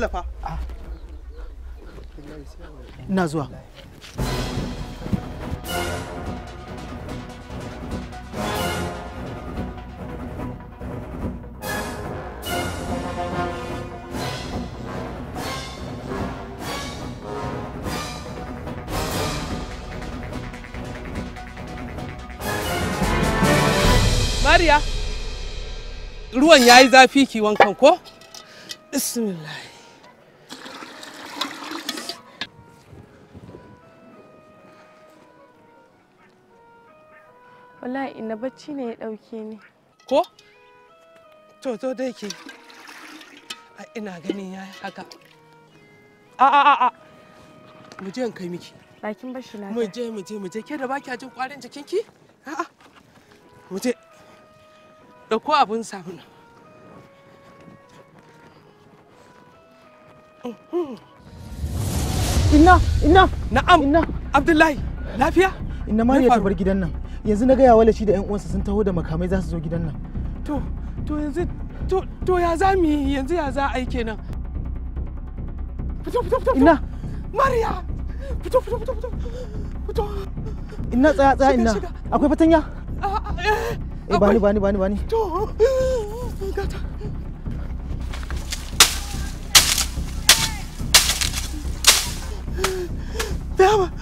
dole fa ina zuwa Maria, ruwan ya yi zafi ki wankan ko? Bismillah. Wallahi ina bacci ne ya dauke ni. Ko? To to dai ke. Ina ganin ya haka. A a a Mu je in kai miki. Bakin bashi na. Mu je mu je mu je ke da baki a jin kwarin jikinki? A'a. Mu je. Dauko abun sabulu. Ina, ina. Na'am. Inna. Abdullahi, lafiya? Inna ma ya bar gidan nan. yanzu na gaya wala shi da yan uwansa sun taho da makamai za su zo gidan nan to to yanzu to to ya za mu yi yanzu ya za ai kenan fito fito fito ina mariya fito fito fito fito fito ina tsaya tsaya ina akwai fatanya eh, eh bani bani bani bani to gata Dama,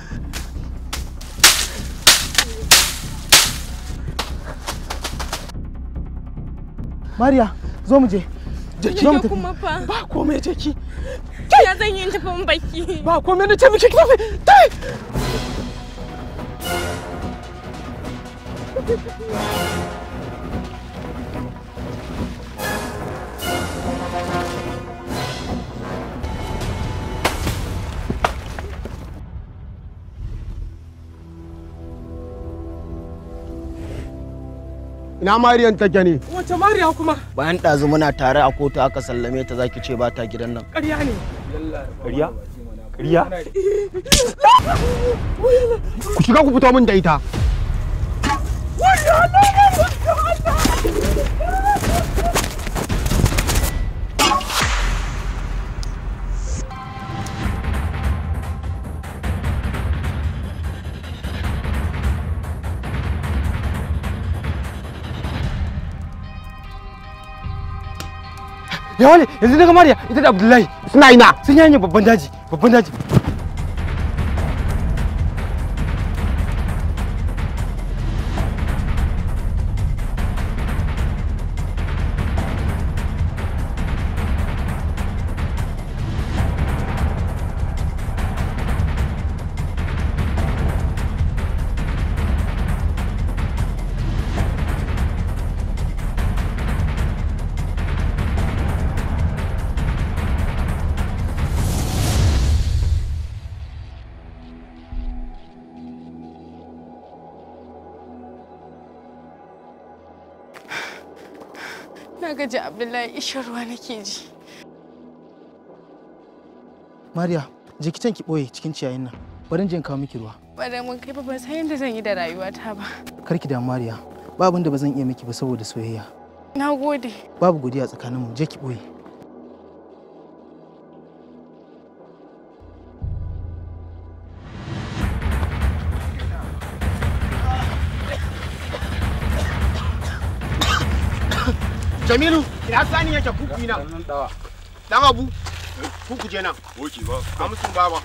Mariya, zo mu je. Jeki zo mu tafi. kuma fa. Ba komai jeki. Ya zan yi tafi baki. Ba komai na ce miki tafi. Tai. Thank you. Ina Mariyan take ne? Wace Mariya kuma? Bayan ɗazu muna tare a kotu aka sallame ta zaki ce ba ta gidan nan. Ƙarya ne. Ƙarya? Ƙarya? Ku shiga ku fito min da ita. Wallahi! ya wale yanzu daga mariya ita da abdullahi suna ina sun yi babban daji babban daji Abdullahi ishin ruwa nake ji. maria je ki ki boye cikin ciyayin nan. Bari in kawo miki ruwa. Bari mun kai ban san yadda zan yi da rayuwata ba. Kar ki da maria ba abin da ba zan iya miki ba saboda soyayya. Na gode. Babu godiya tsakaninmu, je ki boye. Jamilu! Ina sani yake kuku ina. Dan abu. Kuku je nan. Oke ba. Amsun baba.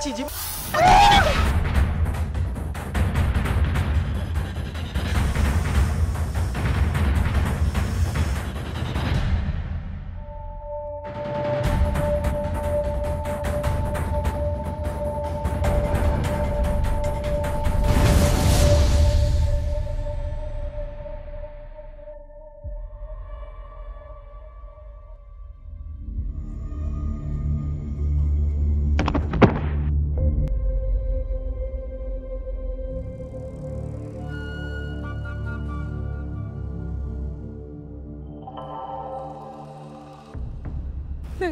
积极。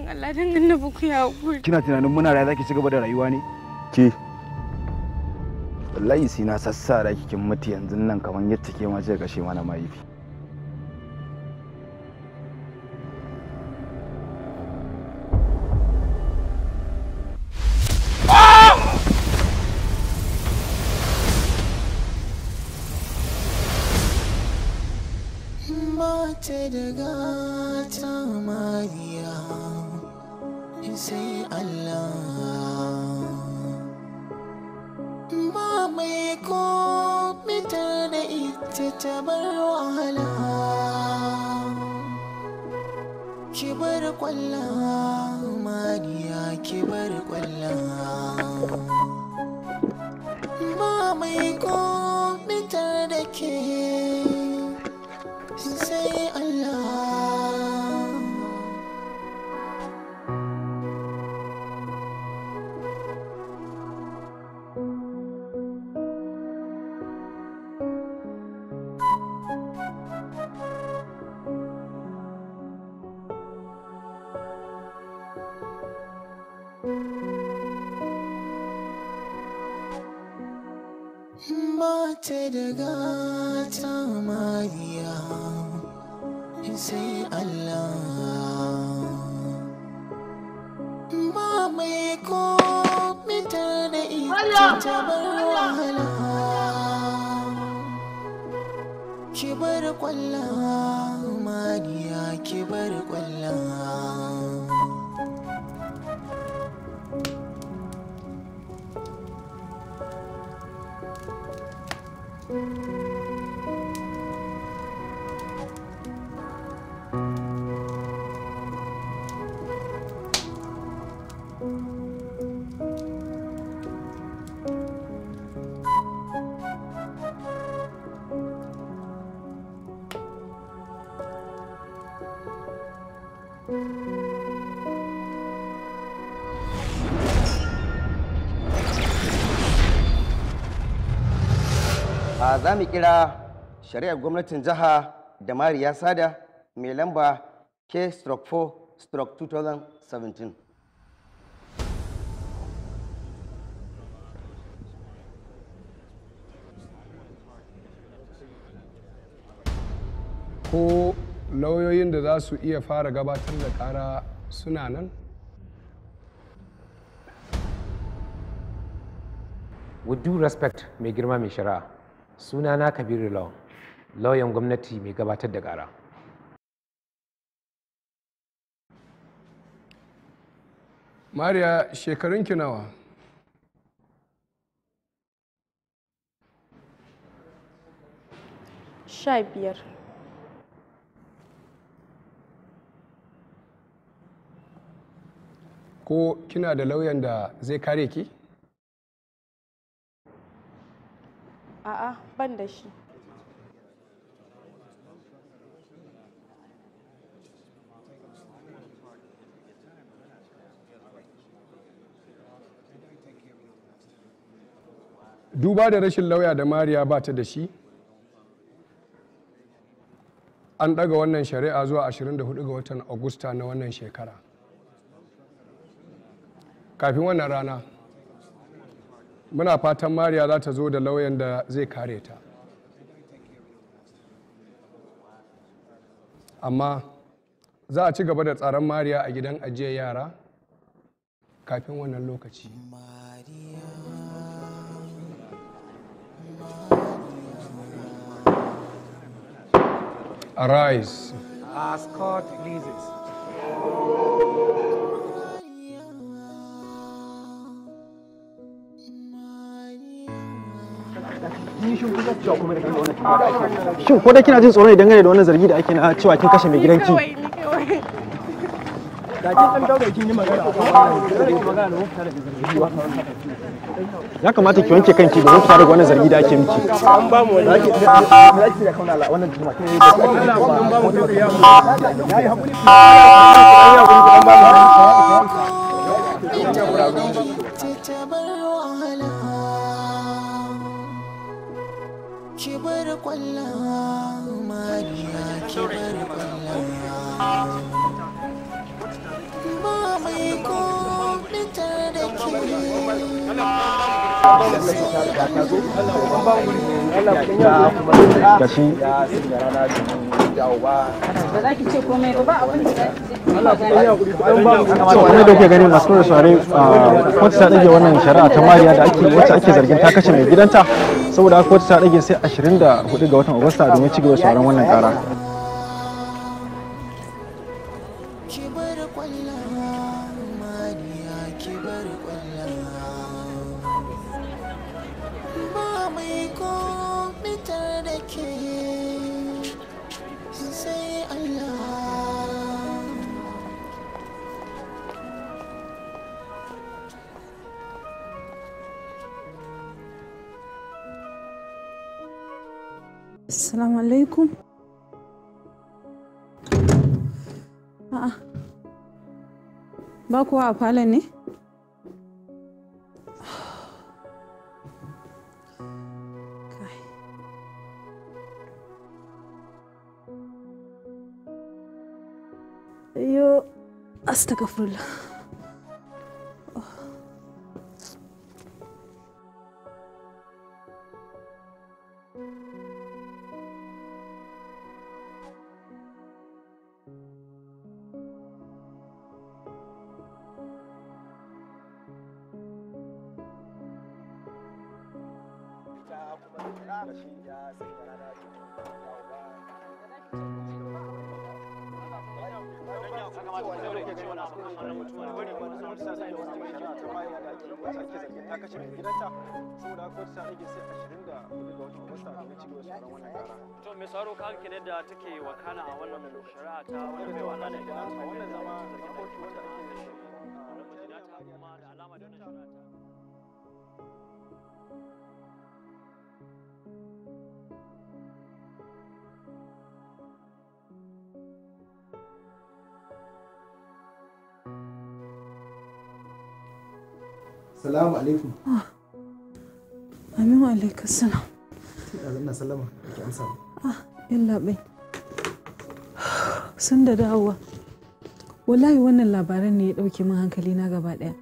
dan Allah dan annabi ku ya hakuri kina tunanin muna rayuwa zaki ci gaba da rayuwa ne ke wallahi sai na sassara kikin mutu yanzu nan kamar yadda ke ma ce kashe mana mahaifi Take go. say Allah Mama mai ko mitar da ita ta bar wahala ki bar kwalla mariya ki kwalla ba mai ko za mu kira shari'ar gwamnatin jiha da mariya sada mai lamba k-4-2017 ko lauyoyin da za su iya fara gabatar da kara suna nan with due respect mai girma mai shari'a sunana kabiru law lauyan gwamnati mai gabatar da ƙara mariya shekarun nawa sha biyar ko kina da lauyan da zai kare ki? A'a ban da shi. Duba da rashin lauya da Mariya ba ta da shi, an ɗaga wannan shari'a zuwa 24 ga watan Agusta na wannan shekara. Kafin wannan rana. muna fatan mariya za ta zo da lauyan da zai kare ta amma za a ci gaba da tsaron mariya a gidan ajiyar yara kafin wannan lokaci arise as God pleases shin ko da kina jin tsoron idan gane da wannan zargi da ake na cewa kin kashe mai gidanki ya kamata ki wanke kanki domin wata daga wannan zargi da ake miki an ba mu wannan yi hakuri kwalla mariya ki bar kwalla ba mai koditar da ke wani da kuke gani masu da share kotu ta ɗage wannan shari'a ta mariya da ake wacce ake zargin ta kashe mai gidanta saboda haka wata ta rage sai 24 ga watan agusta domin ci gaba sauran wannan kara branco. A'a. Ba kuwa a falon ne? astagfirullah. to mai tsaro ka hankin yadda take wakana a wannan shari'a ta wani baiwa na da ya zama da kotu wanda ake da shi Salamu alaikum. Ah, aminu alaikum salam. Ina sallama ki amsa. Ah, yalla bai. Sun da dawowa. Wallahi wannan labaran ne ya dauke min hankali na gaba daya.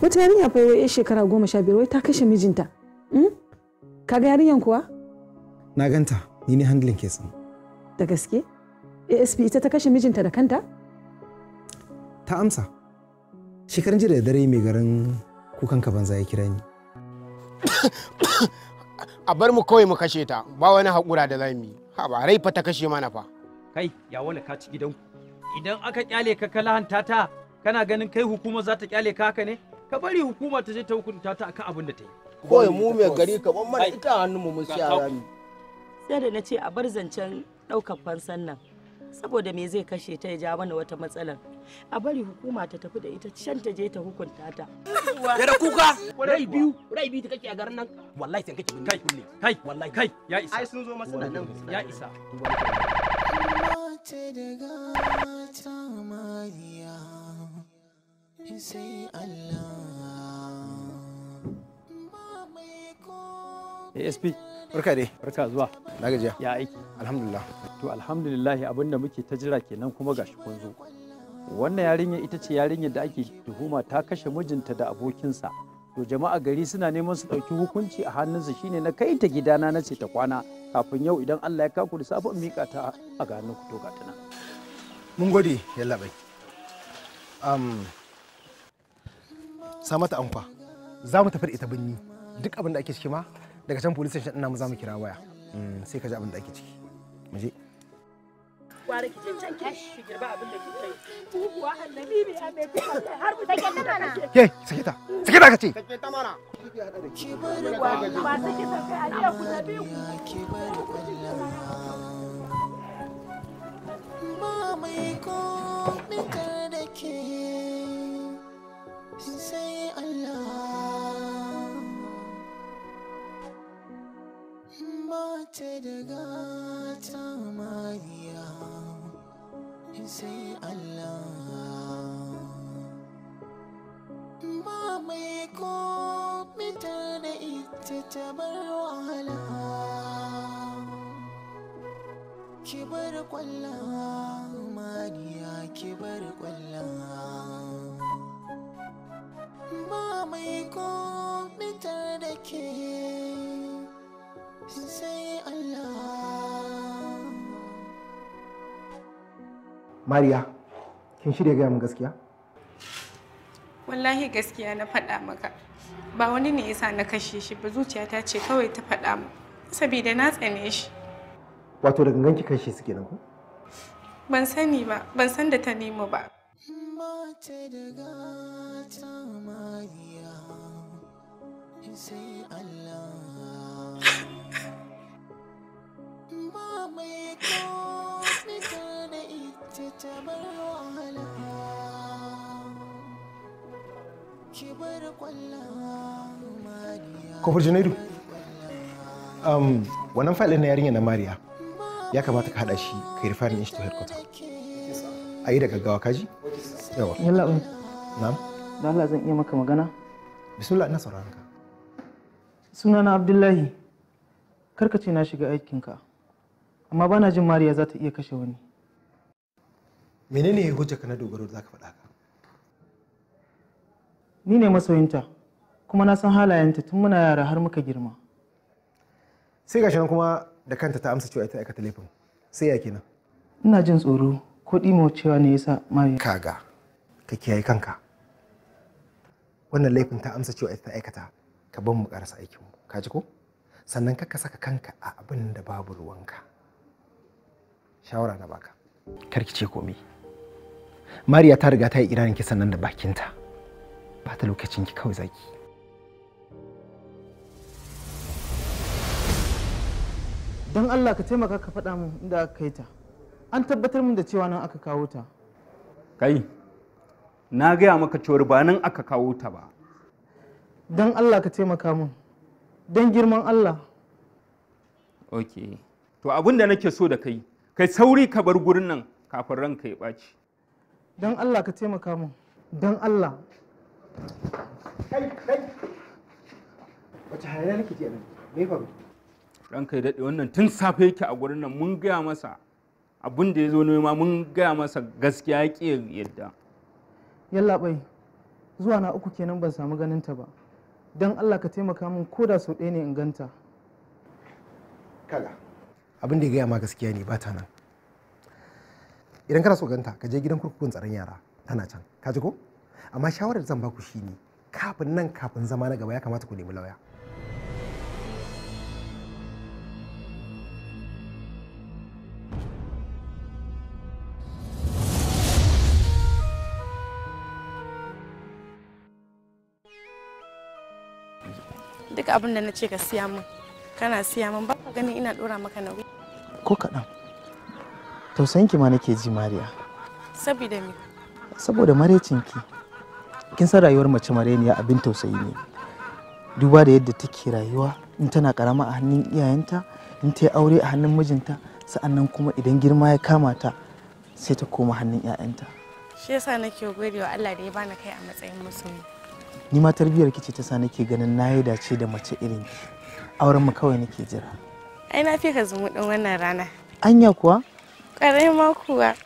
Wata yarinya fa wai shekara goma sha biyar wai ta kashe mijinta. Hmm? ka ga yarinyan kuwa? Na ganta, ni ne handling san. Da gaske? ASP ita ta kashe mijinta da kanta? Ta amsa. Shekaran jiya da dare mai garin kanka banza ya kira ni a bar mu kawai mu kashe ta ba wani haƙura da zamu yi ha ba rai fa ta kashe mana fa kai ya wani ka ci gidan idan aka kyale ka lahanta ta kana ganin kai hukuma za ta kyale ka haka ne ka bari hukuma ta je ta hukunta ta akan abin da ta yi kawai mu mai gari ka ban mana ita hannun mu mun siya rami sai da na ce a bar zancen ɗaukar fansan nan saboda me zai kashe ta ya ja mana wata matsalar a bari hukuma ta tafi da ita can ta je ta hukunta ta ya da kuka rai biyu rai biyu kake a garin nan wallahi sai kake kai kai wallahi kai ya isa ai sun zo masu nan ya isa sai Allah ASP eh, Barka dai. Barka zuwa. Na gajiya. Ya aiki. Alhamdulillah. To alhamdulillah abinda muke ta jira kenan kuma gashi kun zo. wannan yarinya ita ce yarinyar da ake tuhuma ta kashe mijinta da abokinsa to jama'a gari suna neman su ɗauki hukunci a hannunsa shine na kai ta gidana na ce ta kwana kafin yau idan Allah ya kaku da safin mika ta a ga ku to tana mun gode yalla bai um samata amfa za mu tafi da ita binni duk abin da ake ciki ma daga can police station ina mu za mu kira waya mm, sai ka ji abin da ake ciki mu je gwara ki je can ki girba abin da kike yi annabi mai kuma har ku take mana ke sake ta sake ta kace sake ta mana ki bari gwara ba sake ta kai ku ki bari gwara mai ko nika da ke sai Allah mata ta daga sai Allah ba mai ko mita da ita ta bar wahala ki bar kwallon mariya kin shirya gaya min gaskiya wallahi gaskiya na faɗa maka ba wani ne yasa na kashe shi ba zuciyata ce kawai ta faɗa mu sabida na tsane shi wato da gangan ki kashe su kenan ko ban sani ba ban san da ta nemo ba sai Allah Kofar Janairu, wahala ki bar kwalla um, wannan fayil na yarinya na Mariya ya kamata ka hada shi ka rufa ni shi to headquarter a yi da gaggawa kaji yawa yalla um na da Allah zan iya maka magana bismillah ina sauraron ka Suna na Abdullahi karkace ce na shiga aikinka amma bana jin Mariya za ta iya kashe wani menene hujja ka na dogaro da ka faɗa haka ni ne masoyinta kuma na san halayenta tun muna yara har muka girma sai ga shirin kuma da kanta ta amsa cewa ita aikata laifin sai ya kenan ina jin tsoro ko ɗimo cewa ne yasa sa kaga ka kiyaye kanka wannan laifin ta amsa cewa ita ta aikata ka ban mu karasa aikinmu mu ka ji ko sannan ka saka kanka a abin da babu ruwanka shawara na baka karki ce komai mariya ta riga ta yi iranin kisan nan da bakinta ba ta lokacin ki kawai zaki don allah ka taimaka ka faɗa min inda aka kai ta an tabbatar min da cewa nan aka kawo ta kai na gaya maka cewar ba nan aka kawo ta ba don allah ka taimaka min don girman allah ok to abin da nake so da kai kai sauri ka bar gurin nan kafin ranka ya ɓaci don Allah ka taimaka min don Allah kai kai wace hayaniya nake ji nan me faru ranka ya daɗe wannan tun safe yake a gurin nan mun gaya masa abin da ya zo nema mun gaya masa gaskiya ya ƙi yadda yalla bai zuwa na uku kenan ban samu ganin ta ba don Allah ka taimaka min ko da sau ɗaya ne in ganta kala abin da ya gaya ma gaskiya ne ba ta nan idan kana so ganta ka je gidan kurkukun tsaron yara tana can ka ji ko amma shawarar zan baku shi ne kafin nan kafin zama na gaba ya kamata ku nemi lauya duk abin da na ce ka siya min kana siya min ba ka gani ina dora maka nauyi ko kaɗan tausayin ma nake ji mariya saboda me saboda marecinki kin san rayuwar mace mareniya abin tausayi ne duba da yadda take rayuwa in tana karama a hannun iyayenta in ta yi aure a hannun mijinta sa'annan kuma idan girma ya kama ta sai ta koma hannun 'ya'yanta shi yasa nake gode Allah da ya bani kai a matsayin musulmi ni ma tarbiyar ki ce ta sa nake ganin na yi dace da mace irin ki auren mu kawai nake jira ai na fi ka zumu din wannan rana anya kuwa 我也不喜欢。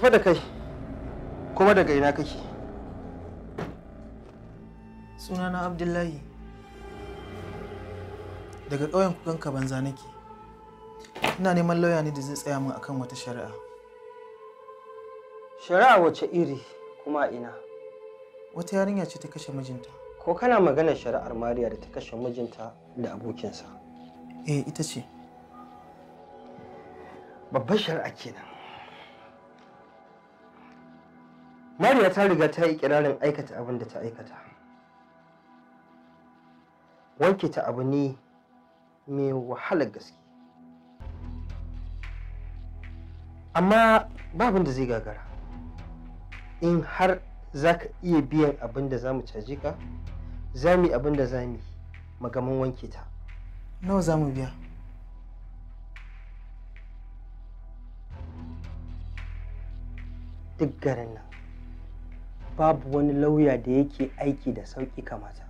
tafi da kai kuma daga ina kake sunana abdullahi daga ƙauyen kukanka banza nake ina neman lauya ne da zai tsaya min akan wata shari'a shari'a wace iri kuma ina wata yarinya ce ta kashe mijinta ko kana magana shari'ar mariya da ta kashe mijinta da abokinsa eh ita ce babbar shari'a kenan mariya ta riga ta yi kirarin aikata abin da ta aikata wanke ta abu ne mai wahalar gaske amma babin da zai gagara in har za ka iya biyan abin da za mu caje ka za mu yi abin da za mu magaman wanke ta nawa za mu biya duk garin nan babu wani lauya da yake aiki da sauƙi kamata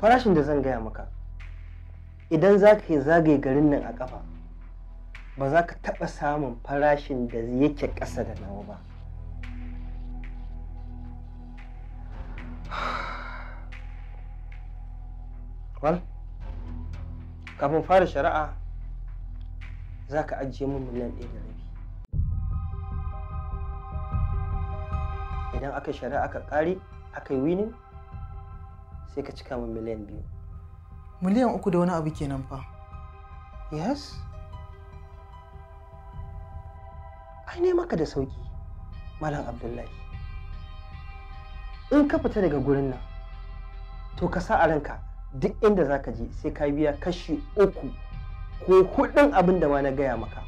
farashin da zan gaya maka idan za ka zagaye garin nan a ƙafa ba za ka taɓa samun farashin da yake ƙasa da nawa ba wal kafin fara shari'a za ka ajiye mun miliyan ɗaya idan aka shari'a aka ƙare aka yi winning sai ka cika min miliyan biyu miliyan uku da wani abu kenan fa yes ai ne maka da sauki malam abdullahi in ka fita daga gurin nan to ka sa a ranka duk inda za ka je sai ka biya kashi uku ko hudun abin da ma na gaya maka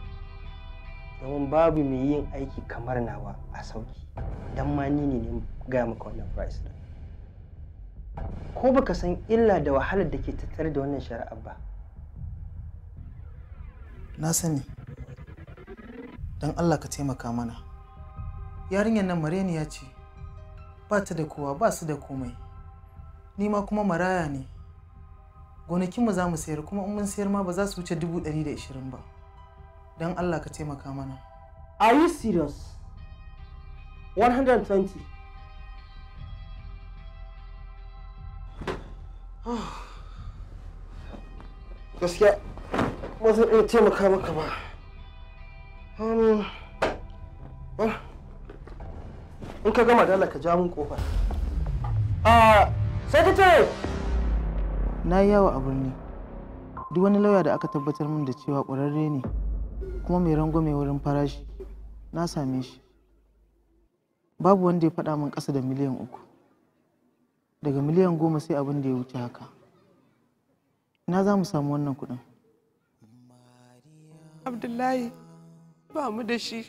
domin babu mai yin aiki kamar nawa a sauki don ma ni ne ga maka wannan price din ko baka san illa da wahalar da ke tattare da wannan shari'a ba na sani don allah ka taimaka mana yarinyar nan mareniya ce ba ta da kowa ba su da komai ni ma kuma maraya ne gonakinmu za mu sayar kuma in mun sayar ma ba za su wuce dubu ɗari da ishirin ba don Allah ka taimaka mana are you serious 120 gaskiya ba zan iya taimaka maka ba um, in ka gama dala ka ja min kofar ah, Secretary! na yi yawa a birni duk wani lauya da aka tabbatar min da cewa ƙwararre ne kuma mai mai wurin farashi na same shi babu wanda ya faɗa min ƙasa da miliyan uku daga miliyan goma sai abin da ya wuce haka ina za mu samu wannan kuɗin abdullahi ba mu da shi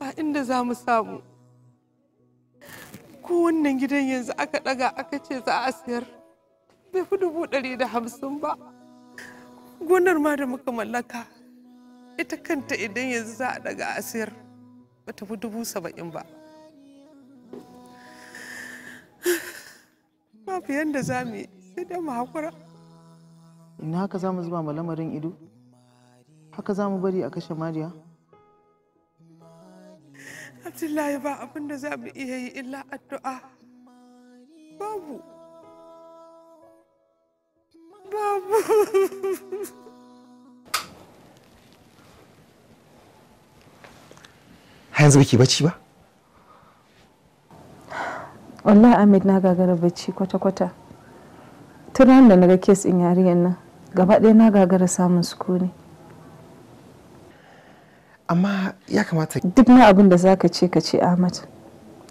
ba inda za mu samu ko wannan gidan yanzu aka ɗaga aka ce za a sayar bai fi dubu ɗari da hamsin ba gonar ma da muka mallaka ita kanta idan yanzu za a daga asir ba ta fi dubu saba'in ba babu yadda za mu yi sai dai mu haƙura ina haka za mu zuba ma lamarin ido haka za mu bari a kashe mariya abdullahi ba abin da za mu iya yi illa addu'a babu babu har yanzu ke bacci ba wallahi ahmed na gagara bacci kwata-kwata tun ran da naga kes in yariyan nan gaba ɗaya na gagara samun sukuni amma ya kamata duk na abin da zaka ce ka ce ahmad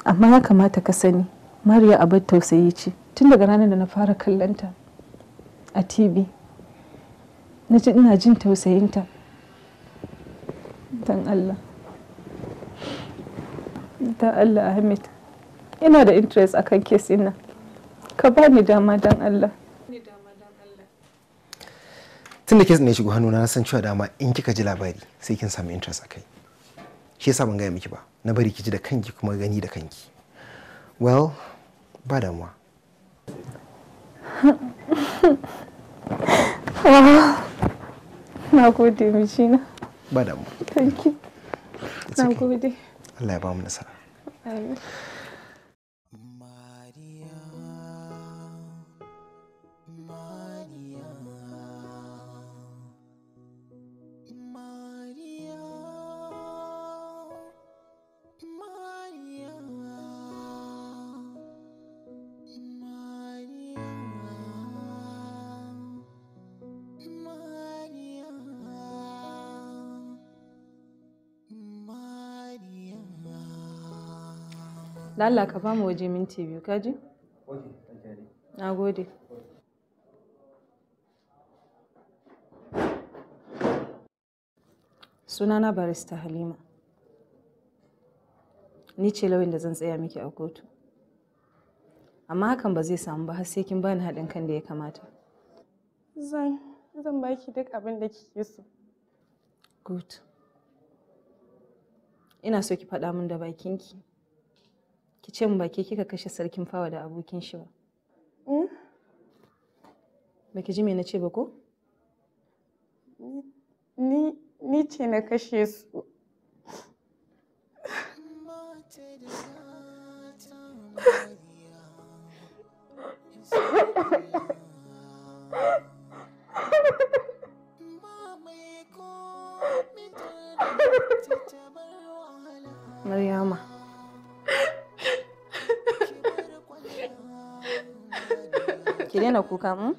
amma ya kamata ka sani mariya abin tausayi ce tun daga ranar da na fara kallonta a tv na ji ina jin tausayinta dan allah da Allah Ahmed ina da interest a kan kesi na ka ba ni dama dan Allah tun da kes ne shigo hannu na san cewa dama in kika ji labari sai kin samu interest a kai shi yasa ban gaya miki ba na bari ki ji da kanki kuma gani da kanki well ba damuwa na gode mijina ba damuwa thank you na gode Allah ya ba da ka bamu waje minti biyu ka ji na gode sunana barista halima ni ce lauyin da zan tsaya miki a kotu amma hakan ba zai samu ba har sai kin bani haɗin kan da ya kamata zan zan baki duk abin da kike so good ina so ki faɗa min da bakinki ki ce kika kashe sarkin fawa da abokin shi ba eh? ba ki ji me na ce ba ko ni ce na kashe su Maryama. ki daina kuka hmm?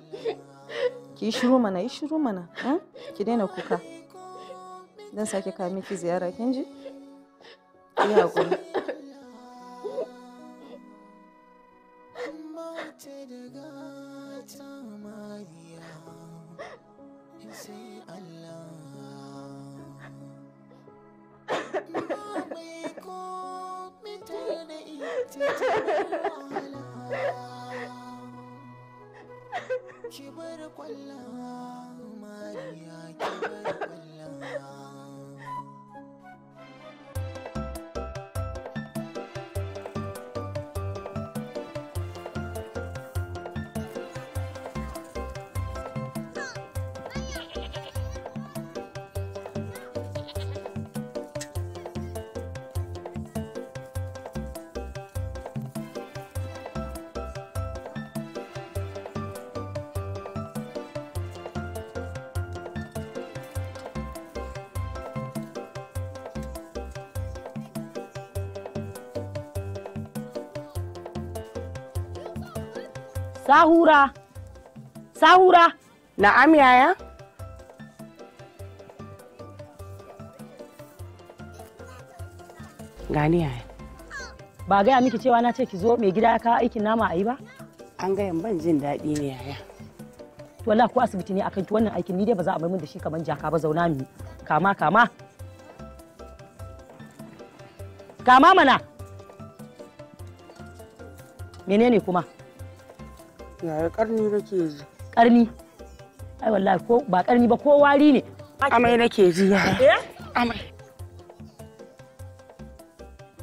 ki yi shiru mana yi shiru mana hmm? ki daina kuka dan sake kawo miki ziyara kin ji ki hakuri Sahura. Sahura. Na'am yaya? Gani yaya? Ba gaya miki cewa na ce ki zo mai gida ka aikin nama a yi ba? An gaya ban jin daɗi ne yaya. Wala ko asibiti ne akan wannan aikin ni dai ba za a mai da shi kamar jaka ba zauna mi kama kama. Kama mana. Menene kuma? yaya karni nake ji karni ai wallahi ko ba karni ba ko wari ne amai nake ji Eh, amai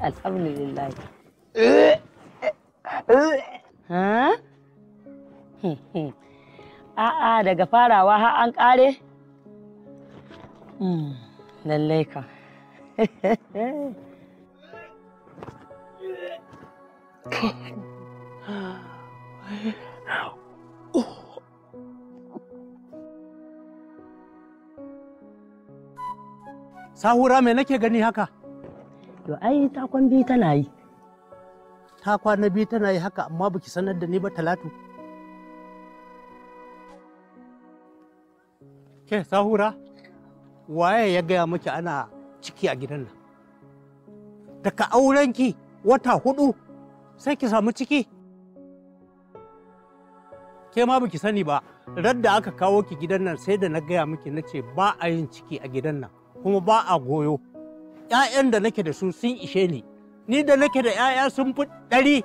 alhamdulillah ha eh? Eh? a'a daga farawa har an kare hmm, lallai ka Yeah. Sahura me nake gani haka? To ai takwan biyu tana yi. takwa na biyu tana yi haka amma baki sanar da ni ba talatu. Ke sahura waye ya gaya miki ana ciki a gidan nan? Daga aurenki wata hudu sai ki samu ciki? Ke ma baki sani ba, radda aka kawo ki gidan nan sai da na gaya miki na ce ba a yin ciki a gidan nan. kuma ba a goyo ‘ya'yan da nake da su sun ishe ni ni da nake da ‘ya'ya sun fi ɗari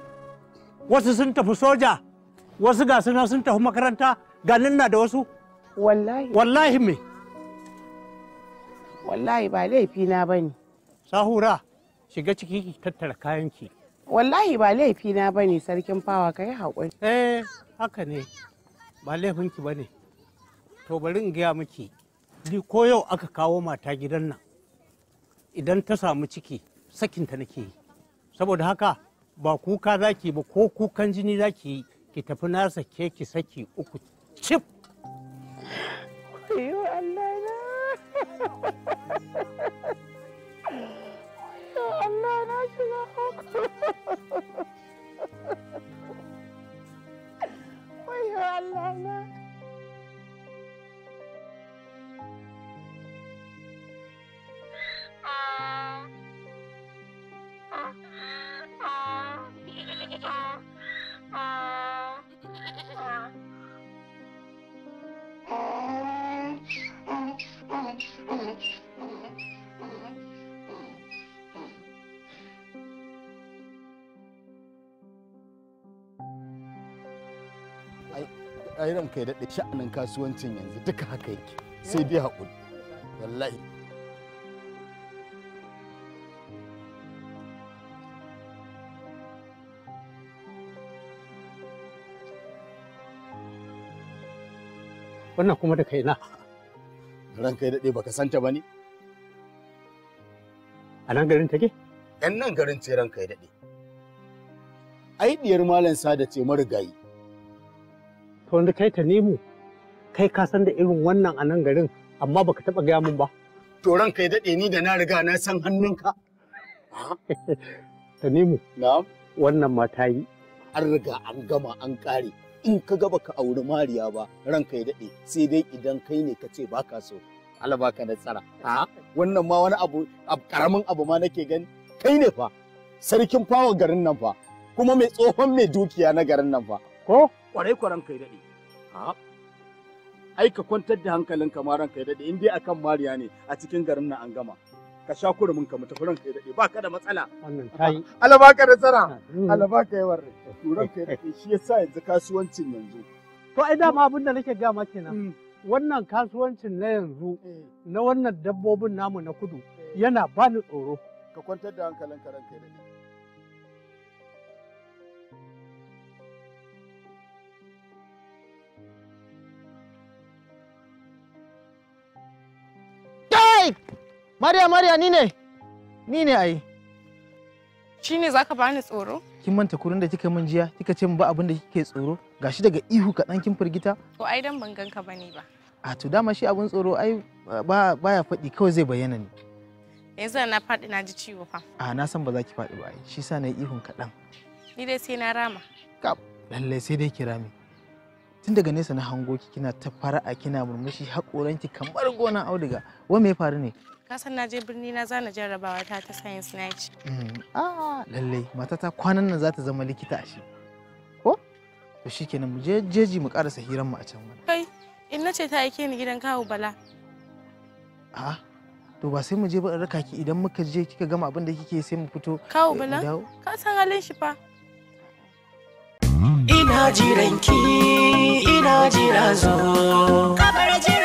wasu sun tafi soja wasu ga suna sun tafi makaranta ganin na da wasu wallahi wallahi me wallahi ba laifi na bane sahura shiga ciki ki tattara kayanki wallahi ba laifi na bane sarkin fawa yi haƙuri eh haka ne ba laifinki ne. to bari in gaya miki ni ko yau aka kawo mata gidan nan idan ta samu ciki sakinta nake yi saboda haka ba kuka zaki ba ko kukan jini zaki yi ki tafi na sake ki saki uku cif Allah na shiga Allah na. ai ranka ya daɗe sha'anin kasuwancin yanzu duka haka yake sai dai haƙuri wallahi wannan kuma da kaina ran kai daɗe baka santa ba ne a nan garin take yan nan garin ce ran kai daɗe ai malam sada ce marigayi to wanda kai ta nemo kai ka san da irin wannan a nan garin amma baka taɓa gaya min ba to ran kai daɗe ni da na riga na san hannunka ta nemo wannan mata yi an riga an gama an ƙare in ka ga ka auri mariya ba ranka ya daɗe sai dai idan kai ne ka ce baka so Allah baka da tsara a wannan ma wani abu karamin abu ma nake gani kai ne fa sarkin fawa garin nan fa kuma mai tsohon mai dukiya na garin nan fa ko kwarai kwaran kai daɗe a ai ka kwantar da hankalin ma ranka ya daɗe in dai akan mariya ne a cikin garin nan an gama ka sha kurumin ka mutu ran kai dade ba ka da matsala wannan tayi Allah baka da tsara mm. Allah baka yawar ran kai dade shi yasa yanzu kasuwancin yanzu to ai dama abin da nake ga ma kenan mm. wannan kasuwancin na yanzu eh. na wannan dabbobin namu na kudu eh. yana ba ni tsoro ka kwantar da hankalinka ran kai dade Mariya Mariya ni ne? Ni ne ai. Shi ne za ka bani tsoro? Kin manta kurin da kika min jiya, kika ce min ba abin da kike tsoro, gashi daga ihu kaɗan kin firgita? To ai dan ban ganka bane ba. A to dama shi abin tsoro ai ba baya faɗi kawai zai bayyana ne. Yanzu na faɗi na ji ciwo fa. A na san ba za ki faɗi ba ai, shi sa na yi ihun kaɗan. Ni dai sai na rama. Kap, lallai sai dai kira rame. tun daga nesa na hango ki kina ta fara'a kina murmushi haƙoranki kamar gonan auduga wa me ya faru ne ka san na je birni na zana jarrabawa ta ta science na ci mm. ah lalle matata kwanan nan za ta zama likita a shi ko to shikenan mu je jeji mu karasa hiran mu a can wani kai in na ce ta aike ni gidan kawo bala a ah, to ba sai mu je ba raka ki idan muka je kika gama abin da kike sai mu fito kawo eh, bala ka san halin shi fa ina ki, ina jira zo kabar jira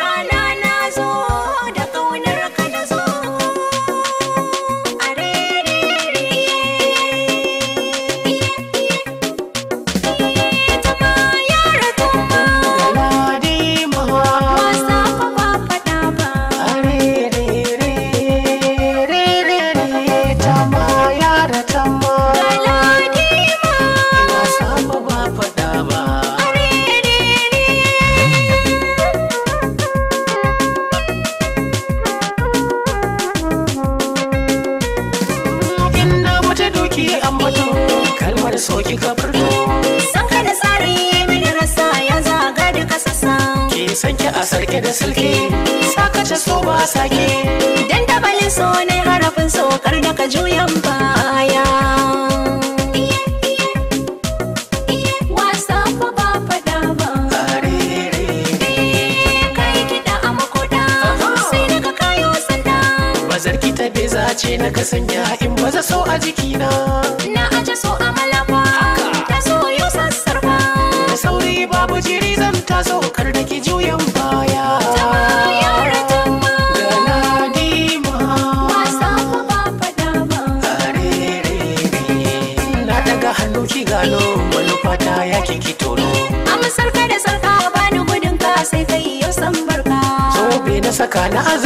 da sulki saka ci so ba sake dan dabalin so ne harafin so kar da ka juyan ba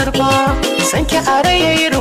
karba sanki a rayayi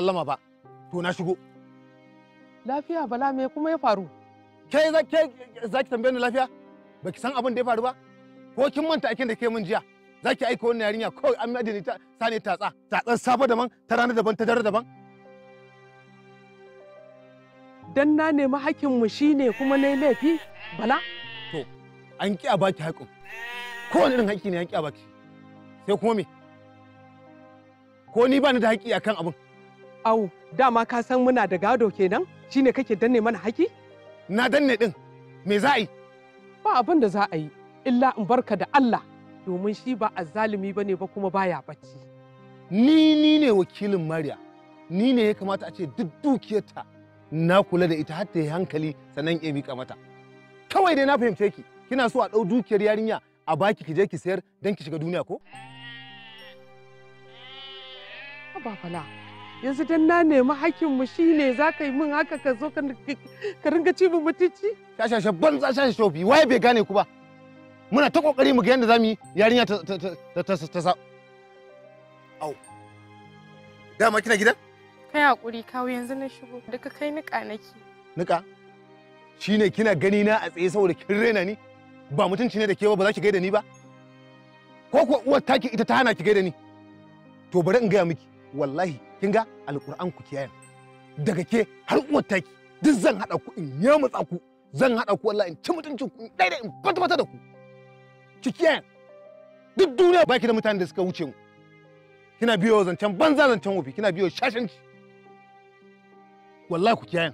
sallama ba to na shigo lafiya bala me kuma ya faru ke za ke za ki tambaye ni lafiya baki san abin da ya faru ba ko kin manta aikin da kai mun jiya za ki aika wannan yarinya kawai an mai ni ta sani tatsa tatsan safa daban ta rana daban ta dare daban dan na nemi hakkin mu shine kuma nayi laifi bala to an ki a baki Ko wani irin haƙƙi ne an ki a baki sai kuma me ko ni ba ni da haƙƙi akan abin Au, dama ka san muna da gado kenan? shi ne kake danne mana haki? Na danne din. Me za a yi? Ba abin da za a yi, illa in barka da Allah, domin shi ba azzalumi ne ba kuma baya bacci. Ni ni ne wakilin Mariya. Ni ne ya kamata a ce duk dukiyarta na kula da ita har ta yi hankali sannan ya mika mata. Kawai dai na fahimce ki, kina so a ɗau dukiyar yarinya a baki ki je ki sayar don ki shiga duniya ko? Ba fala. yanzu dan na nemi hakinmu shi ne za ka yi min haka ka zo ka ringa ci min mutunci? Shashashe banza shashashe shofi waye bai gane ku ba. Muna ta kokari mu ga yadda zamu yi yarinya ta ta ta ta sa. Au. Dama kina gidan? Kai hakuri kawo yanzu na shigo duka kai nika nake. Nika? Shine kina gani na a tsaye saboda kin rena ni? Ba mutunci ne da ke ba ba za ki gaida ni ba? Ko kuwa uwar take ita ta hana ki gaida ni? To bari in gaya miki. wallahi kin ga alƙur'an ku kiyaye. daga ke har uwar taki duk zan haɗa ku in ya matsa ku zan haɗa ku wallahi in ci mutuncin ku in daidai in kwata da ku ki kiyaye duk duniya baki da mutanen da suka wuce mu kina biyo zancen banza zancen wofi kina biyo shashanci wallahi ku kiyaye.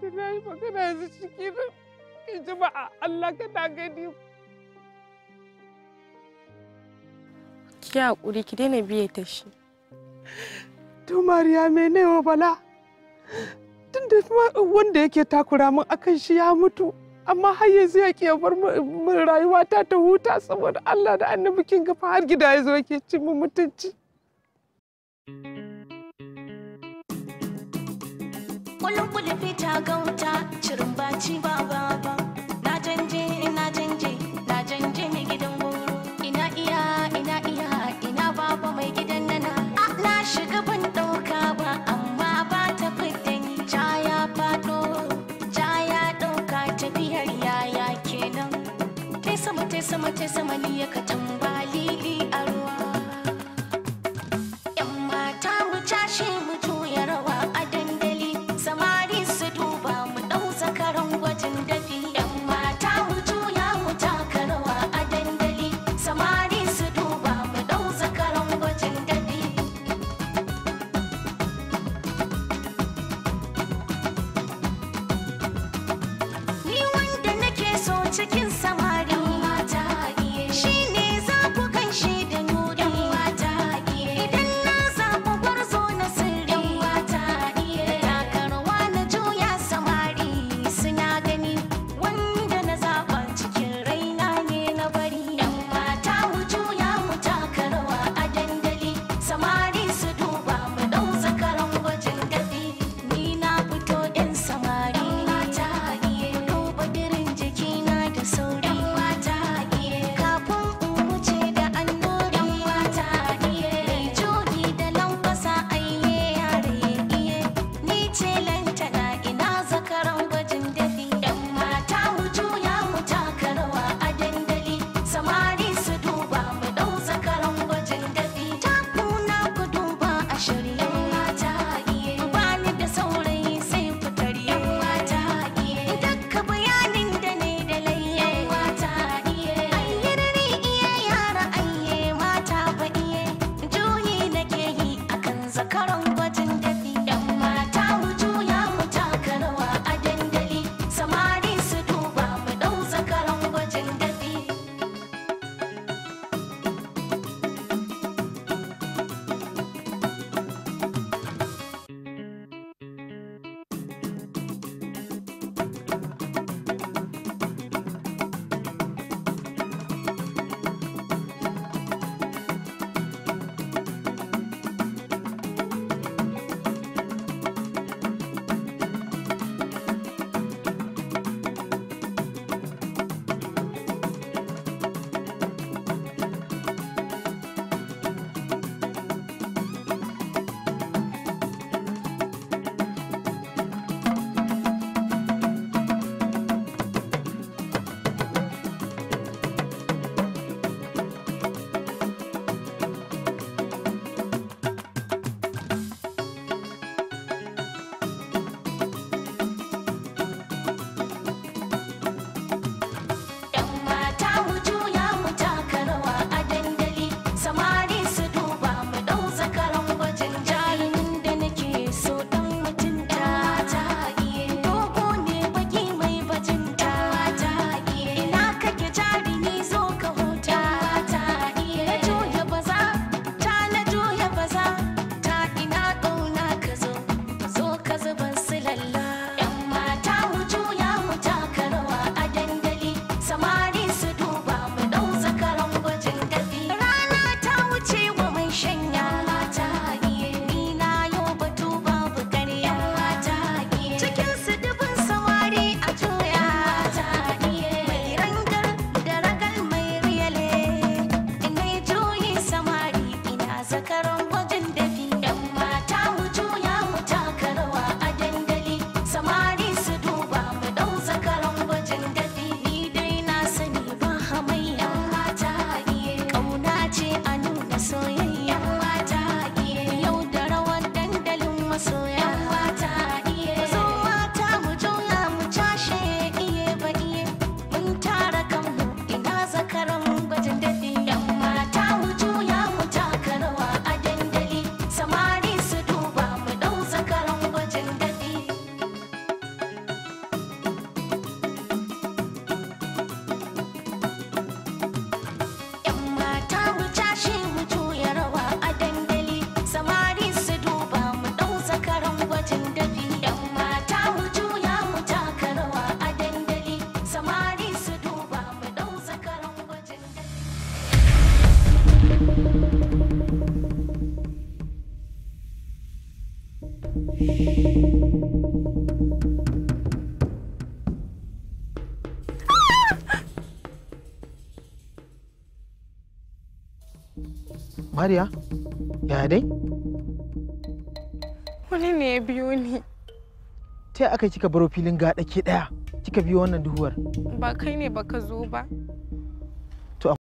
Billahi magana yanzu ciki Juma'a Allah ka gani. Ki haƙuri ki daina biye ta shi. To Mariya mene wa bala? Tun da wanda yake takura min akan shi ya mutu. Amma har yanzu ya bar min rayuwata ta huta saboda Allah da annabi kin gafa har gida ya zo yake cin mutunci. Kulun kulun fita gauta, cirin baci ba ba ba. chicken Maria, ya dai? Wani ne ya biyo ni. Ta aka kika baro filin gaɗa ke ɗaya, kika biyo wannan duhuwar? Ba kai ne ba ka zo ba.